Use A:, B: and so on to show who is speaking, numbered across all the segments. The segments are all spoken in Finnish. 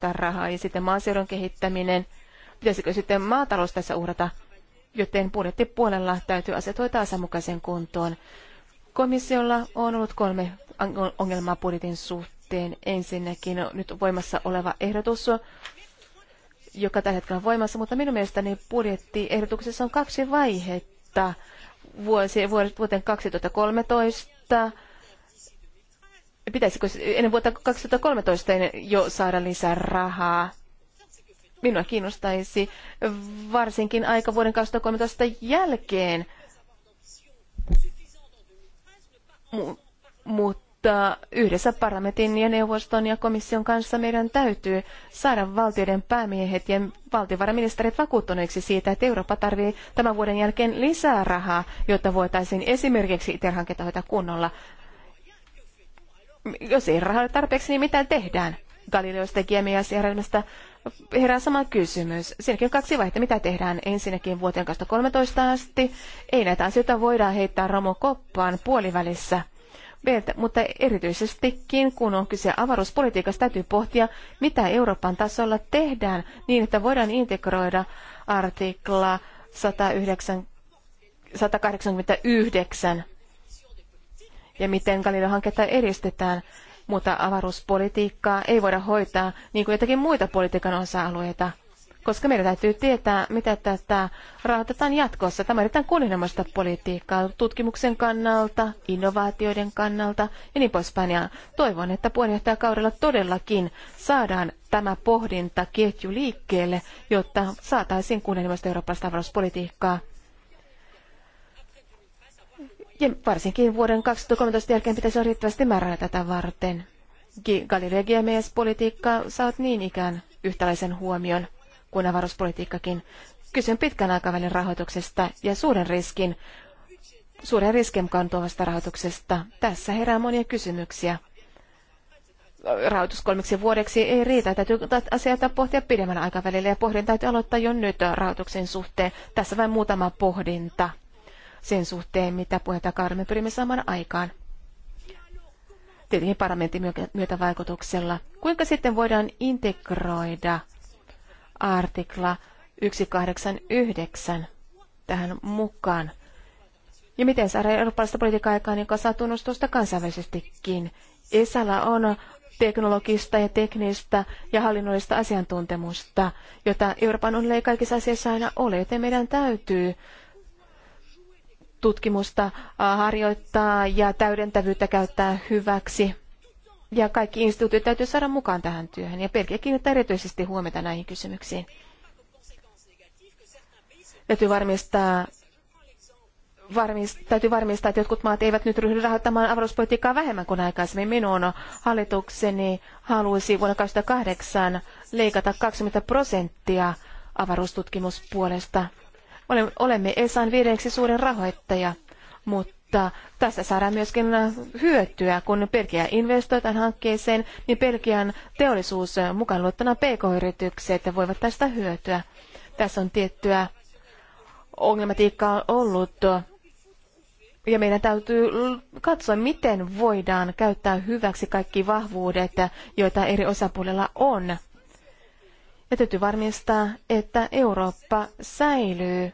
A: käyttää rahaa. Ja sitten maaseudun kehittäminen. Pitäisikö sitten maatalous tässä uhrata? Joten budjettipuolella täytyy asetua hoitaa kuntoon. Komissiolla on ollut kolme ongelmaa budjetin suhteen. Ensinnäkin no, nyt voimassa oleva ehdotus, joka tällä hetkellä on voimassa, mutta minun mielestäni budjettiehdotuksessa on kaksi vaihetta vuosi, vuoteen 2013 Pitäisikö ennen vuotta 2013 jo saada lisää rahaa? Minua kiinnostaisi varsinkin aika vuoden 2013 jälkeen, M- mutta yhdessä parlamentin ja neuvoston ja komission kanssa meidän täytyy saada valtioiden päämiehet ja valtiovarainministerit vakuuttuneiksi siitä, että Eurooppa tarvitsee tämän vuoden jälkeen lisää rahaa, jotta voitaisiin esimerkiksi iter hoitaa kunnolla jos ei rahaa ole tarpeeksi, niin mitä tehdään? Galileosta GMS-järjestelmästä herää sama kysymys. Siinäkin on kaksi vaihtoehtoa, Mitä tehdään ensinnäkin vuoteen 2013 asti? Ei näitä asioita voidaan heittää romokoppaan puolivälissä. mutta erityisestikin, kun on kyse avaruuspolitiikasta, täytyy pohtia, mitä Euroopan tasolla tehdään niin, että voidaan integroida artikla 109, 189 ja miten Galileo-hanketta edistetään, mutta avaruuspolitiikkaa ei voida hoitaa niin kuin jotakin muita politiikan osa-alueita, koska meidän täytyy tietää, mitä tätä rahoitetaan jatkossa. Tämä on erittäin kunnianhimoista politiikkaa tutkimuksen kannalta, innovaatioiden kannalta ja niin poispäin. Ja toivon, että puheenjohtajakaudella todellakin saadaan tämä pohdinta ketju liikkeelle, jotta saataisiin kunnianhimoista eurooppalaista avaruuspolitiikkaa ja varsinkin vuoden 2013 jälkeen pitäisi olla riittävästi määrää tätä varten. Galileo GMS-politiikka saat niin ikään yhtäläisen huomion kuin avaruuspolitiikkakin. Kysyn pitkän aikavälin rahoituksesta ja suuren riskin, suuren riskin rahoituksesta. Tässä herää monia kysymyksiä. Rahoitus kolmeksi vuodeksi ei riitä. Täytyy asioita pohtia pidemmällä aikavälillä ja pohdin täytyy aloittaa jo nyt rahoituksen suhteen. Tässä vain muutama pohdinta sen suhteen, mitä puheenjohtajakaudella me pyrimme saamaan aikaan. Tietenkin parlamentin myötävaikutuksella. Kuinka sitten voidaan integroida artikla 189 tähän mukaan? Ja miten saada eurooppalaista politiikkaa aikaan, joka saa tunnustusta kansainvälisestikin? Esalla on teknologista ja teknistä ja hallinnollista asiantuntemusta, jota Euroopan unionilla ei kaikissa asioissa aina ole, joten meidän täytyy tutkimusta äh, harjoittaa ja täydentävyyttä käyttää hyväksi. Ja kaikki instituutit täytyy saada mukaan tähän työhön ja Belgia kiinnittää erityisesti huomiota näihin kysymyksiin. Täytyy varmistaa, varmist, täytyy varmistaa, että jotkut maat eivät nyt ryhdy rahoittamaan avaruuspolitiikkaa vähemmän kuin aikaisemmin. Minun hallitukseni halusi vuonna 2008 leikata 20 prosenttia avaruustutkimuspuolesta Olemme ESAn viidenneksi suurin rahoittaja, mutta tässä saadaan myöskin äh, hyötyä, kun Belgia investoi tämän hankkeeseen, niin Belgian teollisuus äh, mukaan luottuna pk-yritykset voivat tästä hyötyä. Tässä on tiettyä ongelmatiikkaa ollut ja meidän täytyy katsoa, miten voidaan käyttää hyväksi kaikki vahvuudet, joita eri osapuolilla on. Ja täytyy varmistaa, että Eurooppa säilyy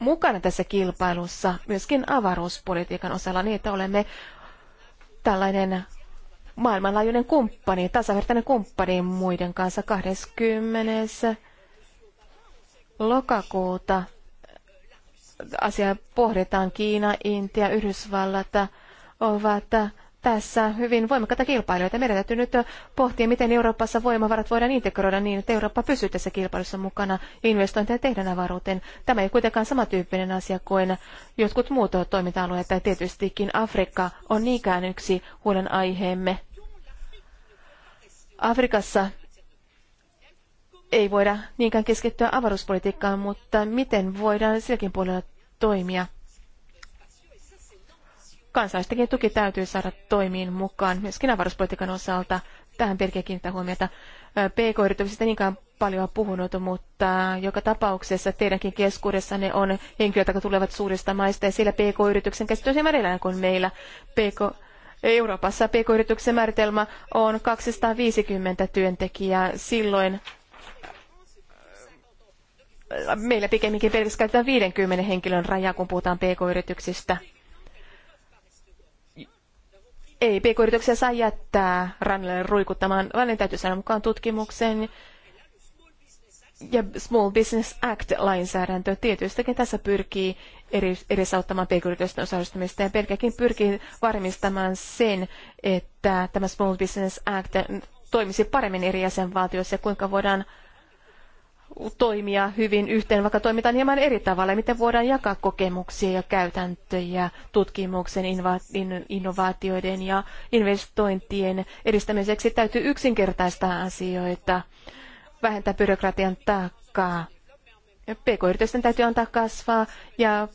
A: mukana tässä kilpailussa myöskin avaruuspolitiikan osalla niin, että olemme tällainen maailmanlaajuinen kumppani, tasavertainen kumppani muiden kanssa 20. lokakuuta. Asiaa pohditaan Kiina, Intia, Yhdysvallat ovat tässä hyvin voimakkaita kilpailijoita. Meidän täytyy nyt pohtia, miten Euroopassa voimavarat voidaan integroida niin, että Eurooppa pysyy tässä kilpailussa mukana ja investointeja tehdään avaruuteen. Tämä ei kuitenkaan samantyyppinen asia kuin jotkut muut toiminta-alueet. Tietystikin Afrikka on niinkään yksi huolenaiheemme. Afrikassa ei voida niinkään keskittyä avaruuspolitiikkaan, mutta miten voidaan silläkin puolella toimia? Kansainvälistäkin tuki täytyy saada toimiin mukaan myöskin avaruuspolitiikan osalta. Tähän Pirkeä kiinnittää huomiota. PK-yrityksistä niinkään paljon puhunut, mutta joka tapauksessa teidänkin keskuudessanne on henkilöitä, jotka tulevat suurista maista ja siellä PK-yrityksen käsitys on erilainen kuin meillä. PK Euroopassa PK-yrityksen määritelmä on 250 työntekijää. Silloin meillä pikemminkin pelkästään 50 henkilön rajaa, kun puhutaan PK-yrityksistä ei pk-yrityksiä saa jättää rannalle ruikuttamaan, vaan ne täytyy saada mukaan tutkimuksen ja Small Business Act-lainsäädäntö tietystikin tässä pyrkii edesauttamaan pk-yritysten osallistumista ja pelkäkin pyrkii varmistamaan sen, että tämä Small Business Act toimisi paremmin eri jäsenvaltioissa ja kuinka voidaan toimia hyvin yhteen, vaikka toimitaan hieman eri tavalla, ja miten voidaan jakaa kokemuksia ja käytäntöjä tutkimuksen, innovaatioiden ja investointien edistämiseksi. Täytyy yksinkertaistaa asioita, vähentää byrokratian taakkaa. PK-yritysten täytyy antaa kasvaa ja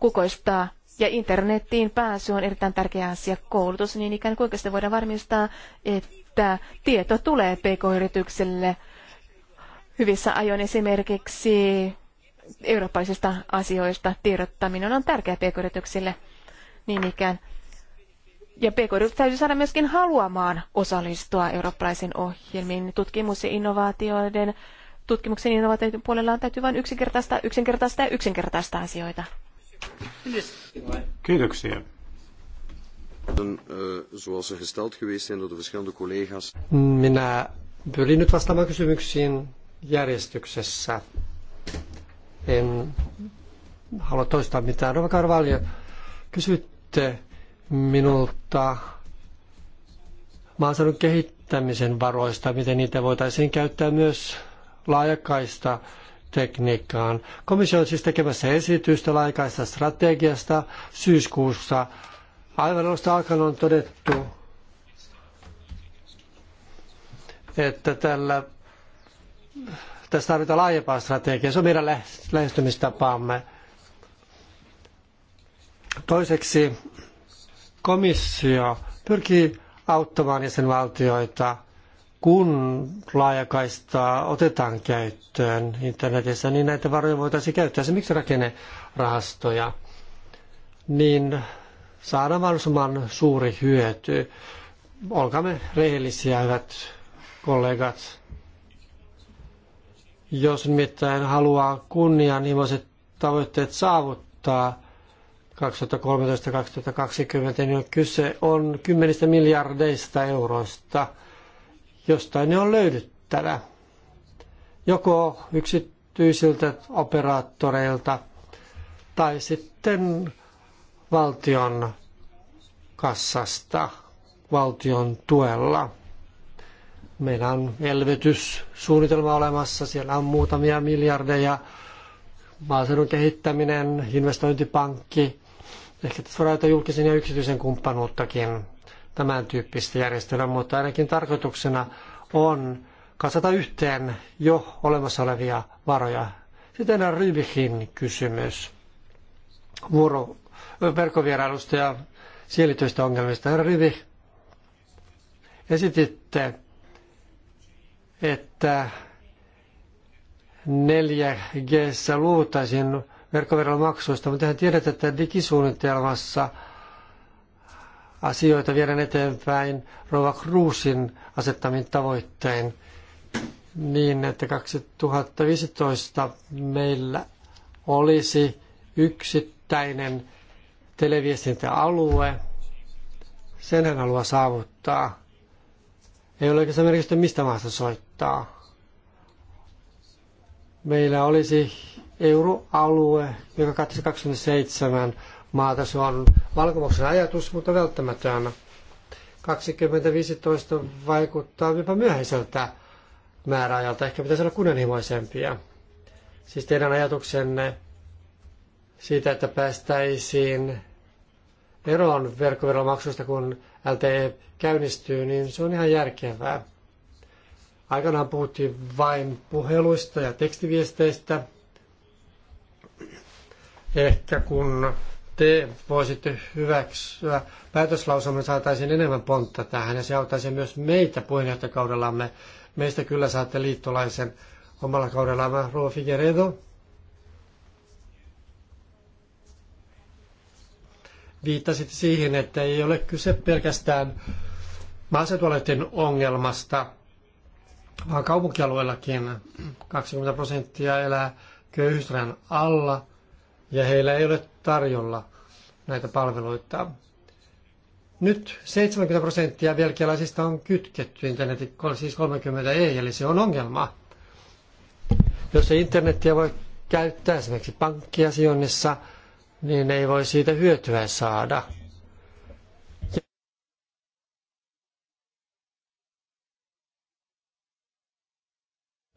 A: kukoistaa. Ja internettiin pääsy on erittäin tärkeä asia. Koulutus niin ikään kuinka sitä voidaan varmistaa, että tieto tulee PK-yritykselle – hyvissä ajoin esimerkiksi eurooppalaisista asioista tiedottaminen on tärkeää pk-yrityksille niin ikään. Ja pk täytyy saada myöskin haluamaan osallistua eurooppalaisiin ohjelmiin. Tutkimus- ja innovaatioiden, tutkimuksen innovaatioiden puolella on täytyy vain yksinkertaista yksinkertaista ja yksinkertaista asioita.
B: Kiitoksia. Minä pyrin nyt vastaamaan kysymyksiin, järjestyksessä. En halua toistaa mitään. Rova Karvalio, kysytte minulta maaseudun kehittämisen varoista, miten niitä voitaisiin käyttää myös laajakaista tekniikkaan. Komissio on siis tekemässä esitystä laajakaista strategiasta syyskuussa. Aivan alusta alkaen on todettu, että tällä tässä tarvitaan laajempaa strategiaa. Se on meidän lähestymistapaamme. Toiseksi komissio pyrkii auttamaan jäsenvaltioita, kun laajakaistaa otetaan käyttöön internetissä, niin näitä varoja voitaisiin käyttää esimerkiksi rakennerahastoja, niin saadaan mahdollisimman suuri hyöty. Olkaamme rehellisiä, hyvät kollegat. Jos nimittäin haluaa kunnianhimoiset tavoitteet saavuttaa 2013-2020, niin kyse on kymmenistä miljardeista euroista, jostain ne on löydyttävä. Joko yksityisiltä operaattoreilta tai sitten valtion kassasta, valtion tuella – Meillä on elvytyssuunnitelma olemassa, siellä on muutamia miljardeja, maaseudun kehittäminen, investointipankki, ehkä tässä voidaan jotain julkisen ja yksityisen kumppanuuttakin, tämän tyyppistä järjestelmää, mutta ainakin tarkoituksena on kasata yhteen jo olemassa olevia varoja. Sitten on Rybikin kysymys vuoro, verkkovierailusta ja sielityistä ongelmista. Herra Rivi, esititte että 4G luotaisiin verkkoveromaksuista, mutta hän tiedät, että digisuunnitelmassa asioita viedään eteenpäin Rova Kruusin asettamin tavoittein niin, että 2015 meillä olisi yksittäinen televiestintäalue. Sen hän haluaa saavuttaa. Ei ole oikeastaan merkitystä, mistä maasta soittaa kohtaa. meillä olisi euroalue, joka katsoi 27 maata. Se on valkomuksen ajatus, mutta välttämätön. 2015 vaikuttaa jopa myöhäiseltä määräajalta. Ehkä pitäisi olla kunnianhimoisempia. Siis teidän ajatuksenne siitä, että päästäisiin eroon verkkoveromaksusta, kun LTE käynnistyy, niin se on ihan järkevää. Aikanaan puhuttiin vain puheluista ja tekstiviesteistä. Ehkä kun te voisitte hyväksyä päätöslausumme, saataisiin enemmän pontta tähän ja se auttaisi myös meitä puheenjohtajakaudellamme. Meistä kyllä saatte liittolaisen omalla kaudellamme. Ruo Figueredo. Viittasit siihen, että ei ole kyse pelkästään maaseutualueiden ongelmasta – vaan kaupunkialueillakin 20 prosenttia elää köyhyysrajan alla ja heillä ei ole tarjolla näitä palveluita. Nyt 70 prosenttia velkialaisista on kytketty internetin, siis 30 ei, eli se on ongelma. Jos ei internetiä voi käyttää esimerkiksi pankkiasioinnissa, niin ei voi siitä hyötyä saada –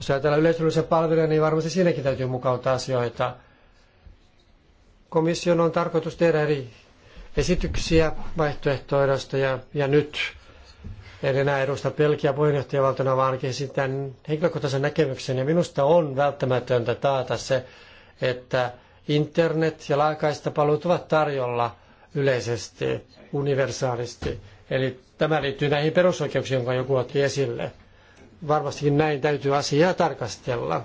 B: Jos ajatellaan yleisöllisen palveluja, niin varmasti siinäkin täytyy mukauttaa asioita. Komission on tarkoitus tehdä eri esityksiä vaihtoehtoidosta ja, ja nyt en enää edusta Belgia puheenjohtajavaltana, vaan esitän henkilökohtaisen näkemyksen. Ja minusta on välttämätöntä taata se, että internet ja laakaistapalvelut ovat tarjolla yleisesti, universaalisti. Eli tämä liittyy näihin perusoikeuksiin, jonka joku otti esille varmastikin näin täytyy asiaa tarkastella.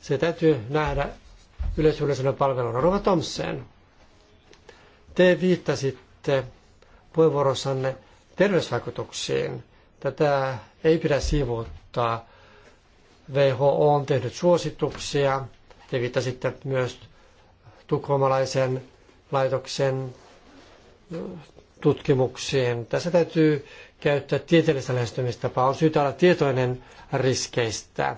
B: Se täytyy nähdä yleisöllisenä palveluna. Rova Tomsen, te viittasitte puheenvuorossanne terveysvaikutuksiin. Tätä ei pidä sivuuttaa. WHO on tehnyt suosituksia. Te viittasitte myös tukholmalaisen laitoksen tutkimuksiin. Tässä täytyy käyttää tieteellistä lähestymistapaa. On syytä olla tietoinen riskeistä.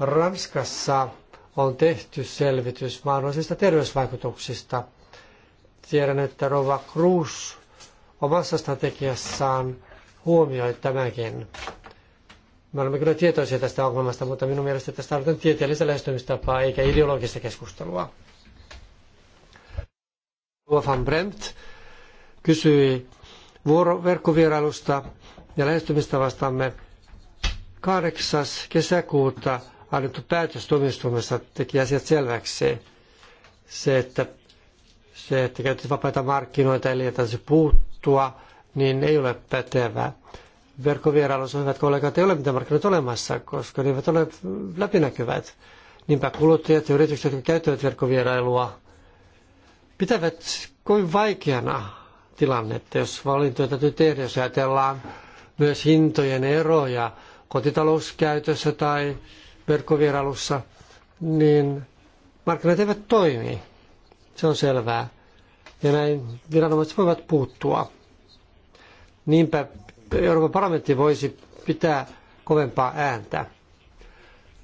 B: Ranskassa on tehty selvitys mahdollisista terveysvaikutuksista. Tiedän, että Rova Cruz omassa strategiassaan huomioi tämänkin. Me olemme kyllä tietoisia tästä ongelmasta, mutta minun mielestäni tästä tarvitaan tieteellistä lähestymistapaa eikä ideologista keskustelua. Rova van Bremt kysyi vuoroverkkovierailusta ja lähestymistavastamme 8. kesäkuuta annettu päätös tuomioistuimessa teki asiat selväksi. Se, että, se, että käytetään vapaita markkinoita, eli että se puuttua, niin ei ole pätevää. Verkkovierailussa hyvät kollegat ei ole mitään markkinoita olemassa, koska ne eivät ole läpinäkyvät. Niinpä kuluttajat ja yritykset, jotka käyttävät verkkovierailua, pitävät kovin vaikeana tilannetta, jos valintoja täytyy tehdä, jos ajatellaan myös hintojen eroja kotitalouskäytössä tai verkkovierailussa, niin markkinat eivät toimi. Se on selvää. Ja näin viranomaiset voivat puuttua. Niinpä Euroopan parlamentti voisi pitää kovempaa ääntä.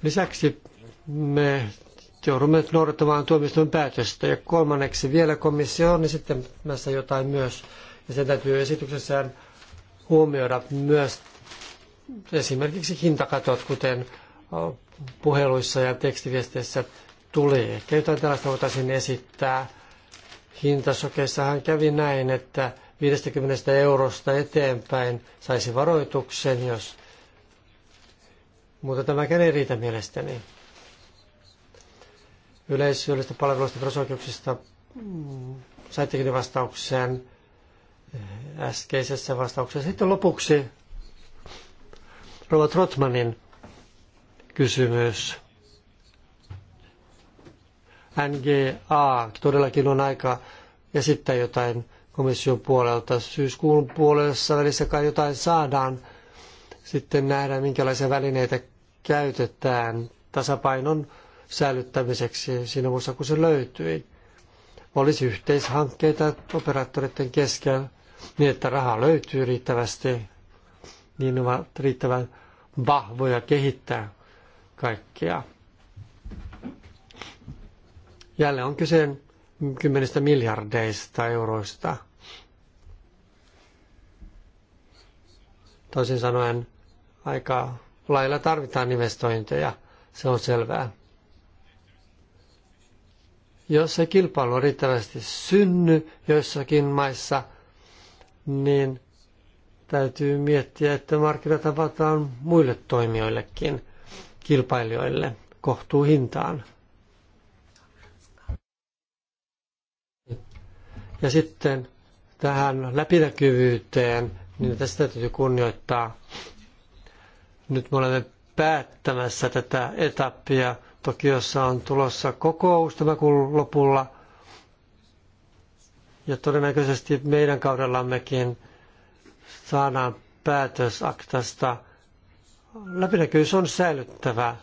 B: Lisäksi me joudumme noudattamaan tuomioistuimen päätöstä. Ja kolmanneksi vielä komissio on esittämässä jotain myös, ja sen täytyy esityksessään huomioida myös esimerkiksi hintakatot, kuten puheluissa ja tekstiviesteissä tuli. Ehkä jotain tällaista voitaisiin esittää. Hintasokeissahan kävi näin, että 50 eurosta eteenpäin saisi varoituksen, jos... mutta tämäkään ei riitä mielestäni yleishyödyllistä palveluista ja perusoikeuksista saittekin ne vastauksen äskeisessä vastauksessa. Sitten lopuksi Robert Rotmanin kysymys. NGA todellakin on aika esittää jotain komission puolelta. Syyskuun puolessa välissä kai jotain saadaan. Sitten nähdään, minkälaisia välineitä käytetään tasapainon säilyttämiseksi siinä muodossa, kun se löytyi. Olisi yhteishankkeita operaattoreiden kesken niin, että rahaa löytyy riittävästi, niin ne ovat riittävän vahvoja kehittää kaikkea. Jälleen on kyse kymmenistä miljardeista euroista. Toisin sanoen aika lailla tarvitaan investointeja, se on selvää. Jos ei kilpailu riittävästi synny joissakin maissa, niin täytyy miettiä, että markkinat avataan muille toimijoillekin, kilpailijoille, kohtuuhintaan. Ja sitten tähän läpinäkyvyyteen, niin tästä täytyy kunnioittaa. Nyt me olemme päättämässä tätä etappia Tokiossa on tulossa kokous tämän kuun lopulla. Ja todennäköisesti meidän kaudellammekin saadaan päätös aktasta. Läpinäkyvyys on säilyttävä.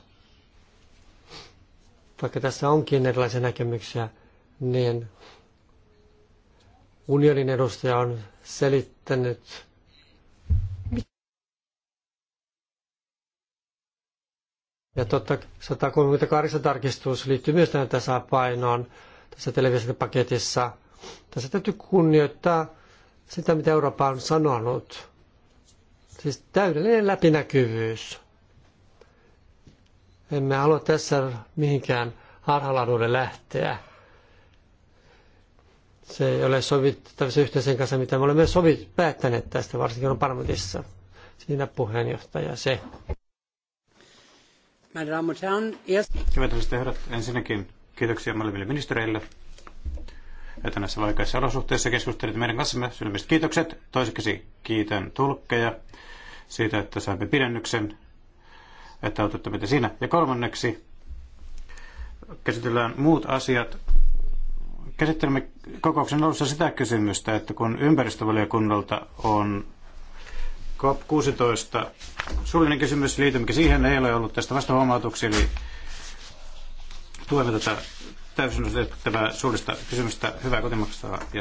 B: Vaikka tässä onkin erilaisia näkemyksiä, niin unionin edustaja on selittänyt Ja totta 138 tarkistus liittyy myös tähän tasapainoon tässä televisiopaketissa. Tässä täytyy kunnioittaa sitä, mitä Eurooppa on sanonut. Siis täydellinen läpinäkyvyys. Emme halua tässä mihinkään harhaladulle lähteä. Se ei ole sovittavissa yhteisen kanssa, mitä me olemme sovit päättäneet tästä, varsinkin on parlamentissa. Siinä puheenjohtaja se. Hyvät naiset ja herrat, ensinnäkin kiitoksia molemmille ministereille, että näissä vaikeissa olosuhteissa keskustelitte meidän kanssamme. Sylmiset kiitokset. Toiseksi kiitän tulkkeja siitä, että saimme pidennyksen, että autatte meitä siinä. Ja kolmanneksi käsitellään muut asiat. Käsittelemme kokouksen alussa sitä kysymystä, että kun ympäristövaliokunnalta on COP16. Suullinen kysymys, mikä siihen? Ei ole ollut tästä vasta huomautuksia, eli tuemme tätä täysin suullista kysymystä. Hyvää kotimaksaa